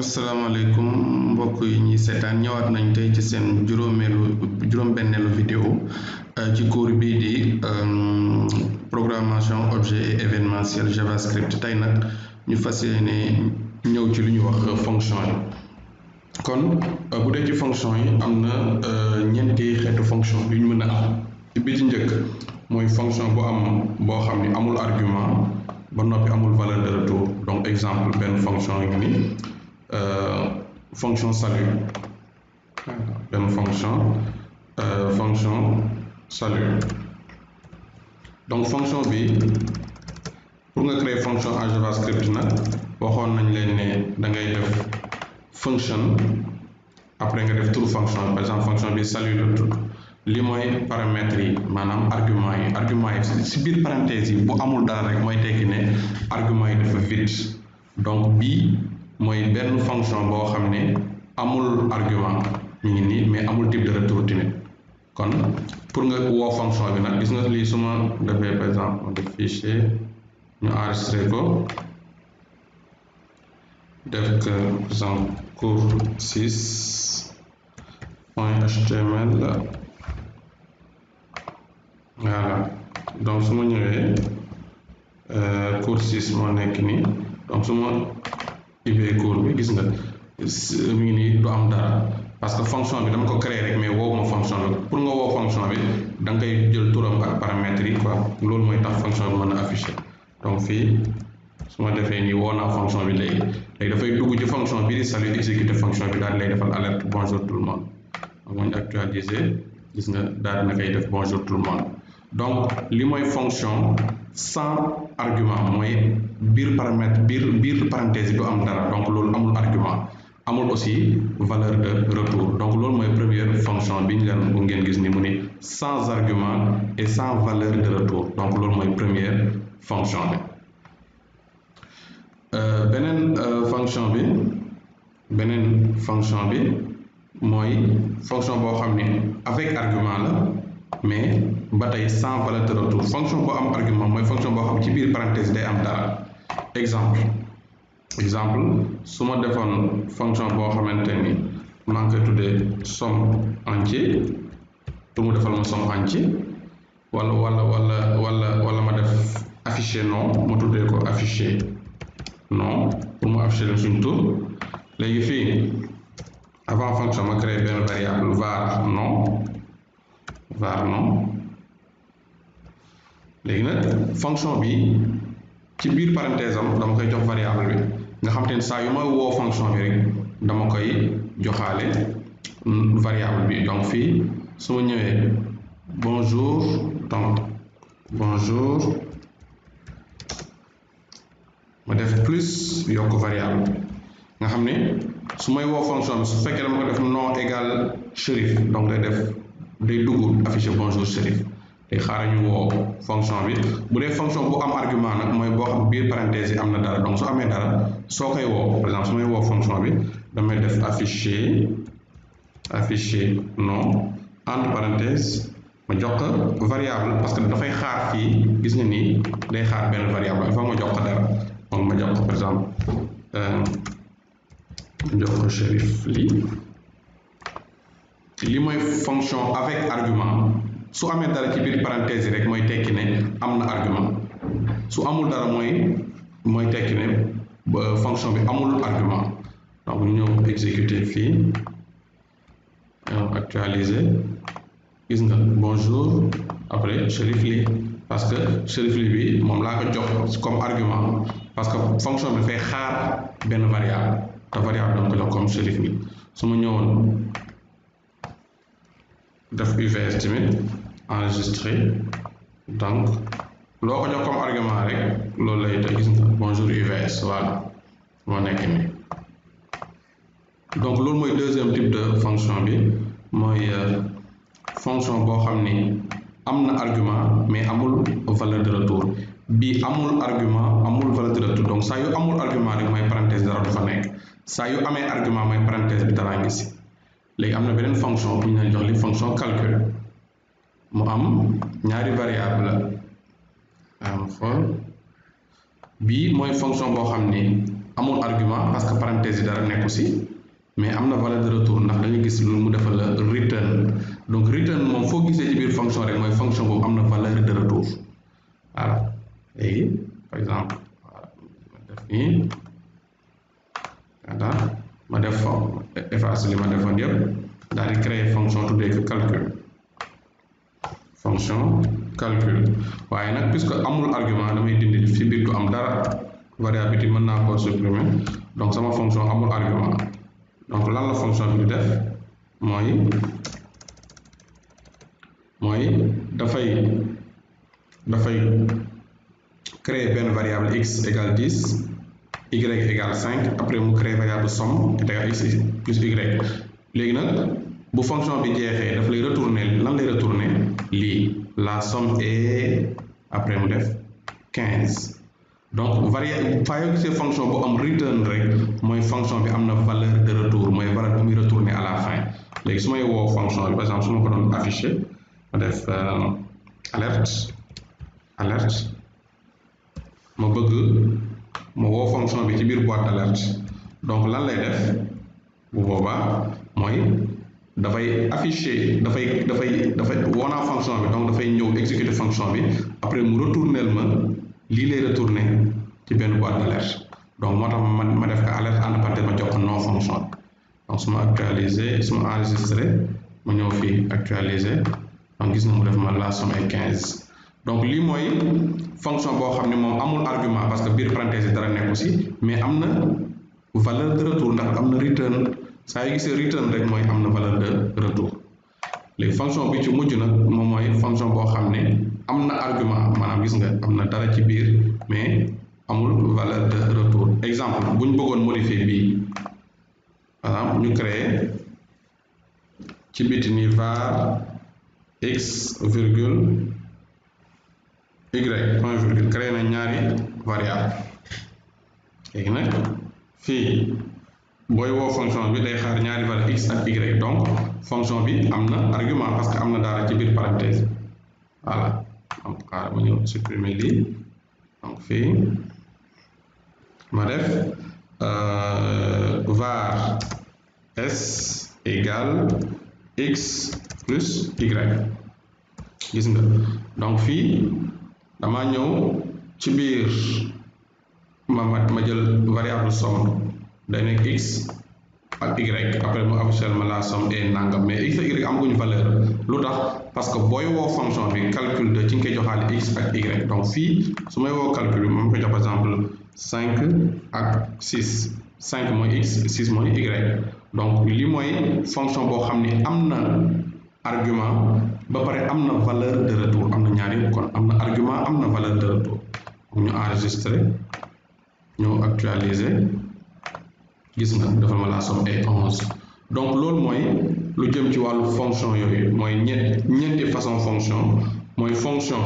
asalaamaaleykum mbokk yi ñuy seetaan ñëwaat nañ tey ci seen juróomeelu juróom-benneelu vidéo euh, ci cours bii di euh, programmation objet et événementiel javascript tey nag ñu fas yéene ñëw ci lu ñu wax fonction yi kon euh, bu dee ci fonction yi am na ñeenti xeetu fonction yu ñu mën a am bi ci njëkk mooy fonction bu am boo xam ni amul argument ba noppi amul valeur de retour donc exemple benn fonction ngi nii Euh, fonction salut benn fonction euh, fonction salut donc fonction bi pour nga créer fonction en javascript nag waxoon nañ leen ne dangay ngay def function après nga def turu fonction par exemple fonction bi salut li mooy paramètres yi maanaam argument yi argument yi si biir parenthèse yi bu amul dara rek mooy tekki ne argument yi dafa vide donc bii mooy benn fonction boo xam ne amul argument mi ngi nii mais amul type de retour tamit kon pour nga woo fonction bi nag gis nga lii su ma defee par exemple def fichier ñu enregistré ko def que par exemple cours 6 point html voilà donc su ma ñëwee euh, cours 6 moo nekk nii donc su ma ci biir bi gis nga mu ngi nii du am dara parce que fonction bi dama ko créer rek mais woowu ma fonction bi pour nga woo fonction bi da nga koy jël turam ak paramètres yi quoi loolu mooy tax fonction bi mën a afficher donc fii su ma defee nii woo naa fonction bi léegi léegi dafay dugg ci fonction bi di salut exécuter fonction bi daal lay defal alerte bonjour tout le monde donc actualiser gis nga daal na koy def bonjour tout monde donc li mooy fonction sans argument mooy biir paramètre biir biir parenthèse du am dara donc loolu amul argument amul aussi valeur de retour donc loolu mooy première fonction bi ñu leen bu ngeen gis ni mu ni sans argument et sans valeur de retour donc loolu mooy première fonction bi euh, beneen euh, fonction bi beneen fonction bi mooy fonction boo xam ni avec argument la mais ba tey sans valeur de retour fonction boo am argument mooy fonction boo xam ci biir parenthèse day am dara exemple exemple su ma defoon fonction boo xamante ni maa ngi koy tuddee somme entier pour mu defal ma somme entier wala wala walla wala wala ma def afficher nom mu tuddee ko afficher nom pour mu afficher leen suñu tur léegi fii avant fonction ma créé benn variable var nom var non léegi nag fonction bi ci biir parenthèse am dama koy jox variable bi nga xam te ne saa yu ma woo fonction bi rek dama koy joxaale variable bi donc fii su ma ñëwee bonjour donc bonjour ma def plus yokk variable nga xam ne su may woo fonction bi su fekkee dama ko def non égal Chérif donc day def day dugg affiché bonjour Chérif day xaaral ñu woo fonction bi bu dee fonction bu am argument nag mooy boo xam biir parenthèse yi am na dara donc su amee dara soo koy woo par su may woo fonction bi damay def affiché affiché nom entre parenthèse ma jox ko variable parce que dafay xaar fii gis nga nii day xaar benn variable il faut ma jox ko dara ma jox ko lii li mooy fonction avec argument su amee dara ci biir parenthèse yi rek mooy tekki ne am na argument su amul dara mooy mooy tekki ne fonction bi amul argument donc ñëw exécuter fii actualiser gis nga bonjour après Chérif li parce que Chérif li bi moom laa ko jox comme argument parce que fonction bi dafay xaar benn variable te variable donc la comme Chérif li su ma ñëwoon def UVS tamit enregistré donc loo ko comme argument rek loolu lay te gis nga bonjour UVS voilà moo nekk nii donc loolu mooy deuxième type de fonction bi mooy euh, fonction boo xam ni am na argument mais amul valeur de retour bi amul argument amul valeur de retour donc saa yu amul argument rek mooy parenthèse dara du fa nekk saa yu amee argument mooy parenthèse bi dara ngi si léegi am na beneen fonction bu ñu leen jox li fonction calcul mu am ñaari variable la am bii mooy fonction boo xam ni amul argument parce que parenthèse yi dara nekku si mais am na valeur de retour ndax dañu gis lu mu defal la return donc return moom foo gisee ci biir fonction rek mooy fonction boobu am na valeur de retour voilà léegi par exemple voilà def nii ma def fa effacer li ma defoon yëpp daal di créer fonction tuddee ko calcul fonction calcul waaye nag puisque amul argument damay dindi fi biir am dara variabilité mën naa koo supprimer donc sama fonction amul argument donc lan la fonction bi di def mooy mooy dafay dafay créer benn variable x égale 10 y égale cinq après mu créer variable somme est égal x plus y léegi nag bu fonction bi jeexee daf lay retourner lan lay retourner lii la somme est après mu def 15 donc variable faa yoo gisee fonction bu am return rek mooy fonction bi am na valeur de retour mooy valeur bu muy retourner à la fin léegi su may woo fonction bi par exemple su ma ko doon afficher ma def euh, alerte alerte ma bëgg. mu woo fonction bi ci biir boîte d'alerte donc lan lay def bu boobaa mooy dafay afficher dafay dafay dafay woo naa fonction bi donc dafay ñëw exécuter fonction bi après mu retournel ma lii lay retourner ci benn boîte d'alerte donc moo tax ma ma def ko alerte entre parenthèses ma jox ko non fonction bi donc su ma actualiser su ma enregistrer ma ñëw fii actualiser donc gis nga mu def ma la somme est quinze donc lii mooy fonction boo xam ne moom amul argument parce que biir parenthèse dara nekku si mais am na valeur de retour ndax am na return saa yu gisee return rek mooy am na valeur de retour léegi fonction bi ci mujj nag moom mooy fonction boo xam ne am na argument maanaam gis nga am na dara ci biir mais amul valeur de retour exemple buñ bëggoon modifier bii maanaam ñu créer ci biti ni var x virgule y point virgule na ñaari variable léegi nag fii booy woo fonction bi day xaar ñaari variable x ak y donc fonction bi am na argument parce que am na daal ci biir parenthèse voilà donc xaar ma ñëw supprimer donc fii ma def euh, var s égale x plus y gis donc fii dama ñëw ci biir ma ma ma jël variable somme day nekk x ak y après mu affiché ma la somme est nangam mais x ak y valeur lu tax parce que booy woo fonction bi calcule de ci nga koy joxaale x ak y donc fii su may woo calcule moom ma jox par exemple cinq ak six cinq mooy x six mooy y donc li mooy fonction boo xam ni am na argument ba pare am na valeur de retour am na ñaari kon am na argument am na valeur de retour ñu enregistré ñoo actualiser gis nga dafa ma la somme ay donc loolu mooy lu jëm ci wàllu fonction yooyu mooy ñett façon fonction mooy fonction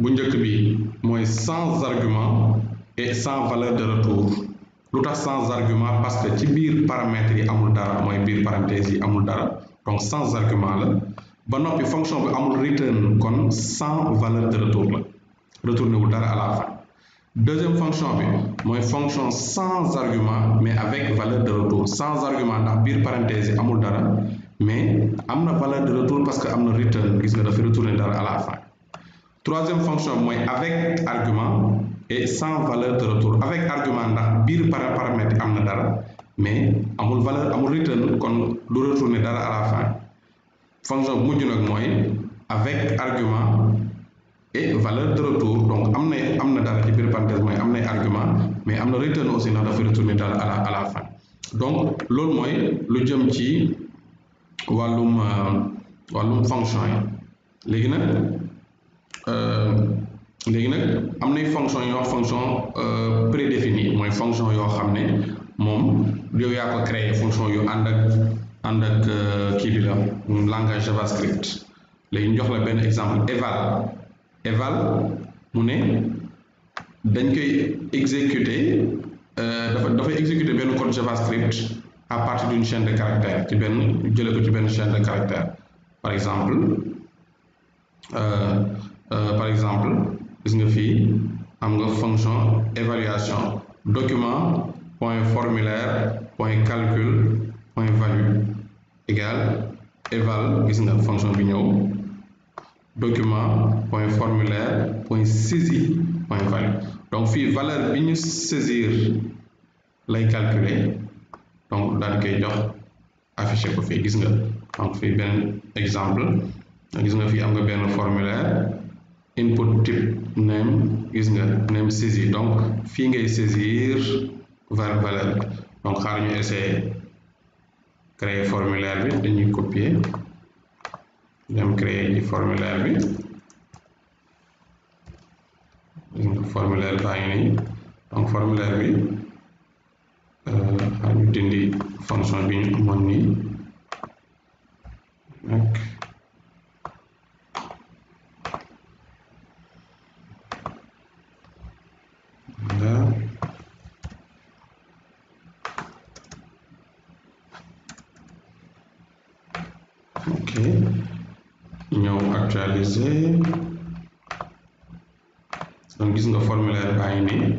bu njëkk bi mooy sans argument et sans valeur de retour lu tax sans argument parce que ci biir paramètres yi amul dara mooy biir parenthèse yi amul dara donc sans argument la ba noppi fonction bi amul return kon sans valeur de retour la retourné wul dara à la fin deuxième fonction bi mooy fonction sans argument mais avec valeur de retour sans argument ndax biir parenthèse yi amul dara mais am na valeur de retour parce que am na return gis nga dafa retourné dara à la fin troisième fonction bi mooy avec argument et sans valeur de retour avec argument ndax biir paramètre am na dara mais amul valeur amul return kon du retourné dara à la fonction bu mujj nag mooy avec argument et valeur de donc am na am na dara ci biir parenthèse mooy am nay argument mais am na return aussi ndax dafa retourner dara à la à donc loolu mooy lu jëm ci wàllum euh, wàllum fonction yi léegi nag euh, léegi nag am nay fonction yoo wax fonction euh, prédéfinie mooy fonction yoo xam ne moom yow yaa ko créé fonction yu ànd ak ànd ak euh, kii bi la langage javascript léegi ñu jox la benn exemple eval eval mu ne dañ koy exécuter euh, dafa dafay exécuter benn code javascript à partir d'une chaîne de caractères ci benn jële ko ci benn chaîne de caractères par exemple euh, euh, par exemple gis nga fii am nga fonction évaluation document point formulaire point calcul point value égal eval gis nga fonction bi ñëw document point formulaire point saisir point value donc fii valeur bi ñu saisir lay calculer donc daal koy jox affiché ko fii gis nga donc fii benn exemple gis nga fii am nga benn formulaire input type name gis nga name saisir donc fii ngay saisir valeur donc xaar ñu essayer créer formulaire bi dañuy copier dem créer ji formulaire bi formulaire baa ngi nii donc formulaire bi euh, ñu dindi fonction bi ñu amoon nii nag ok ñëw actualiser donc gis nga formulaire baa ngi nii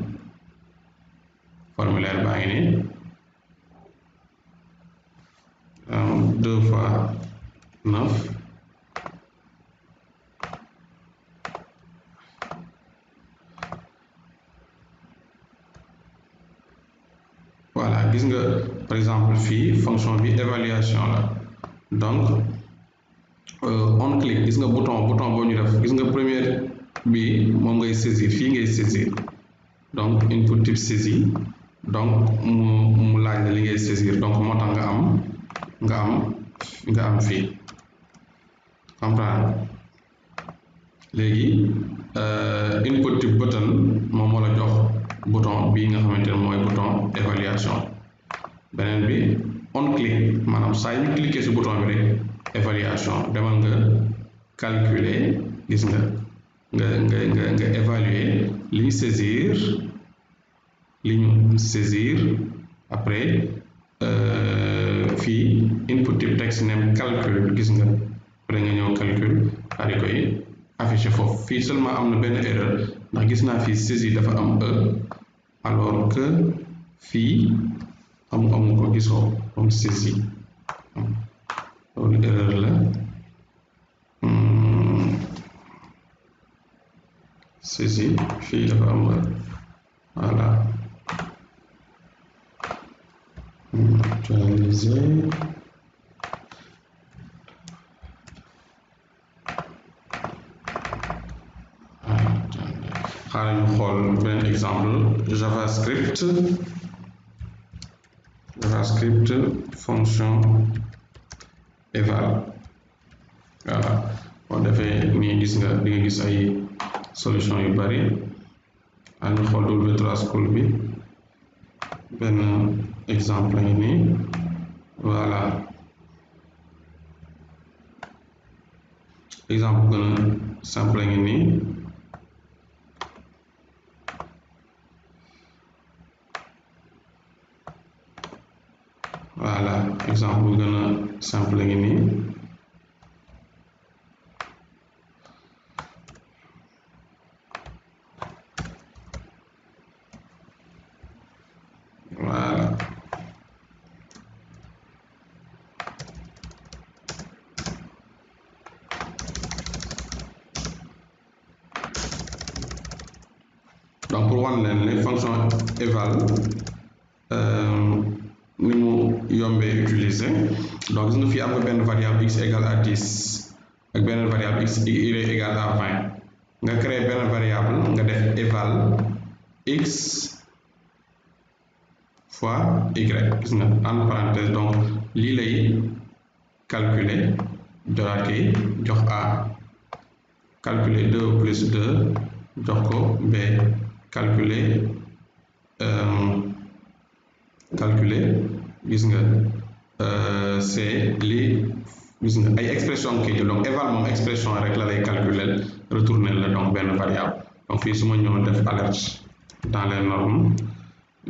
formulaire baa ngi euh, fois neuf voilà gis nga par exemple fii fonction bi la donc Euh, on click gis nga bouton bouton boo ñu def gis nga première bi moom ngay saisir fii ngay saisir donc pour type saisie donc mu mu laaj la li ngay saisir donc moo tax nga am nga am nga am fii comprendre léegi euh, input type button moom moo la jox bouton bii nga xamante ne mooy bouton évaluation beneen bi on click maanaam saa yu cliquer ci bouton bi rek évaluation demal nga calculer gis nga nga nga nga évaluer li ñu saisir li ñu saisir après euh, fii input type texte name calcul gis nga après nga ñëw calcul daal koy affiché foofu fii seulement am na benn erreur ndax gis naa fii saisir dafa am e alors que fii amu amu ko gisoo comme saisir loolu erreur la si si fii dafa am la voilà actualiser xaaral ñu xool beneen exemple javascript javascript fonction eval waaw boo defee gis nga di nga gis ay solution yu bari añu xool W3 School bi benn exemple yi nii voilà exemple gën a simple ngi nii voilà exemple gën a simple ngi pour wan leen ne fonction eval euh, ni mu yombee utiliser donc gis nga fii am nga benn variable x égale à dix ak benn variable x y égale à vingt nga créer benn variable nga def eval x fois y gis nga en parenthèse donc lii lay calculer joxaat yi jox a calculer deux plus deux jox ko b calculer euh, calculer gis nga euh, c' est li gis nga ay expression kii donc eval expression rek la lay calculer retourner la donc benn variable donc fii suma ñoom def alerte dans les normes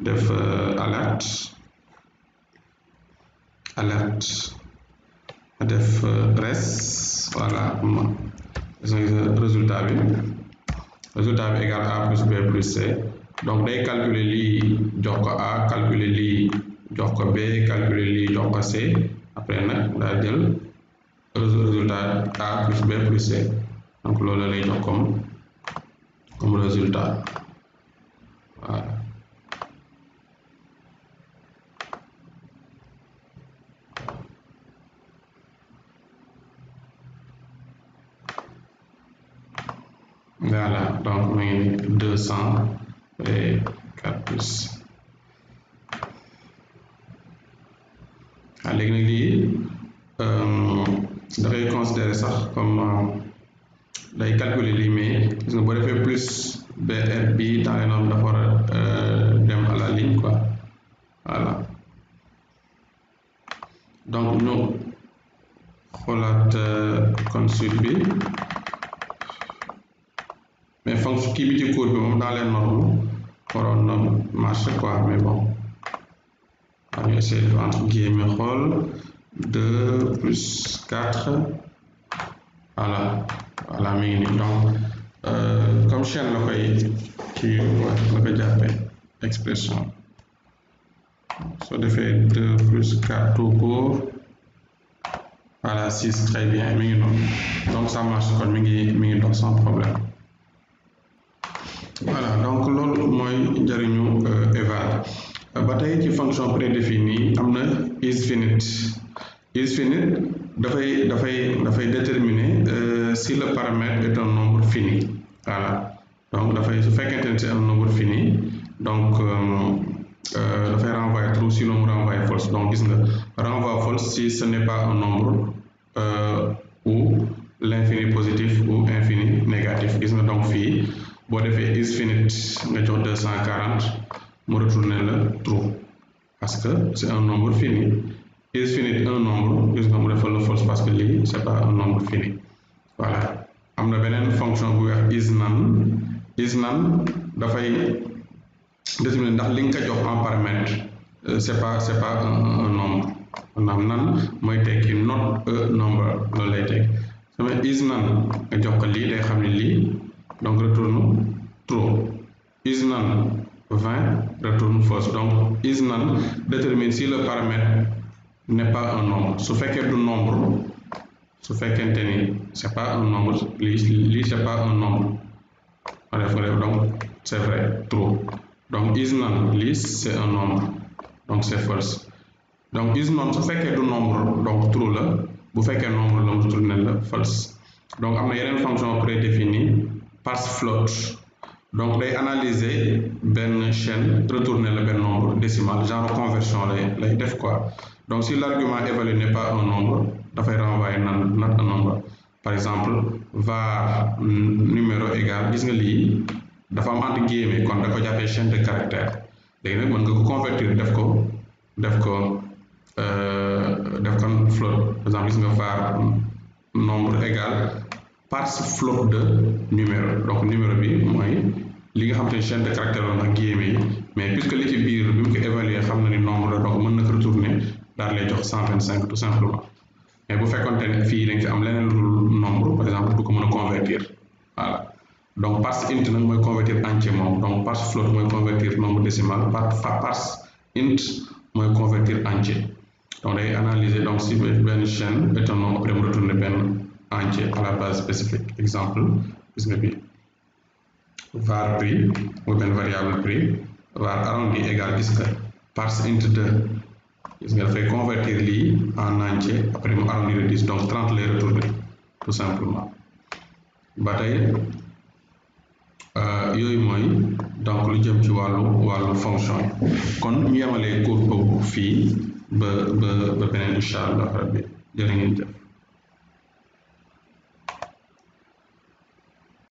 def euh, alerte alerte def res voilà ma résultat bi résultat bi égal a plus b c donc de calculer lii jox ko a calculer lii jox ko b calculer lii jox ko c après nag daa jël résultat a plus b c donc loolu lay jox comme comme résultat voilà le centre et plus waaw léegi nag lii dafay considéré sax comme euh, day calculer lii mais gis nga boo defee plus BR bi dans les dafa war a euh, dem à la ligne quoi donc ñu xoolaat euh, consulte bi fonction kii bi ci cours bi moom dans les normes waroon na marché quoi mais bon on va essayer de entre guillemets xool deux plus quatre voilà voilà mi ngi nii donc euh, comme chaîne la koy kii la koy jàppee expression soo defee deux plus quatre tout court voilà six très bien mi ngi noonu donc ça marche kon mi ngi mi ngi dox sans problème voilà donc lool mooy njëriñu eval euh, euh, ba tey ci fonction prédéfinie am na is finite is finite dafay dafay dafay déterminer euh, si le paramètre est un nombre fini donc dafay su fekkente ne c'est un nombre fini donc dafay renvoyer true si le mu renvoyer donc gis nga renvoie false si ce n'est pas un nombre ou l'infini positif ou infini négatif gis nga donc fii boo defee is finite nga jox deux cent quarante mu retourné la true parce que c' est un nombre fini is finite un nombre gis nga mu defal la false parce que lii c' est pas un nombre fini voilà am na beneen fonction bu wax is none is none dafay déterminer ndax li nga jox en paramètre euh, est pas c' est pas un nombre nan mooy tekki not a euh, number loolu lay tekki sama is none nga jox ko lii day xam ne lii donc retourne true is none 20 retourne false donc is none détermine si le paramètre n'est pas un nombre su fekkee du nombre su fekkente ni c'est pas un nombre lii lii c'est pas un nombre on def donc c'est vrai true donc is none lii c'est un nombre donc c'est false donc is none su fekkee du nombre donc true la bu fekkee nombre la mu tourne la false donc am na yeneen fonction prédéfinie parce float donc day analyser benn chaîne retourner la benn nombre décimal genre conversion lay def koi donc si l'argument évalué n'est pas un nombre dafay renvoyer nan un nombre par exemple var numéro égal gis nga lii dafa am entre guillemets kon da ko jàppee chaîne de caractère léegi nag mën nga ko convertir def ko def ko euh, def ko float par exemple gis nga var nombre égal parse float de numéro donc numéro bi mooy li nga xam te chaine chaîne de caractère la nag guillemets yi mais puisque li ci biir bi mu ko évaluer xam na ni nombre la donc mën na ko retourner daal lay jox cent vingt cinq tout simplement mais bu fekkonte ne fii dañ ci am leneen lu nombre par exemple du ko mën a convertir voilà donc parse int nag mooy convertir entier moom donc parse float mooy convertir nombre décimal parse int mooy convertir entier donc day analyser donc si benn chaine étant non après mu retourner benn entier à la base spécifique exemple gis nga bi var prix mooy benn variable prix var arrondi égal gis nga parse int 2 nga dafay convertir lii en entier après mu arrondi le donc 30 lay retourner tout simplement ba tey euh, yooyu mooy donc lu jëm ci wàllu wàllu fonction yi kon ñu yemalee cours boobu fii ba ba ba beneen incha allah rabbi jërë ngeen jëf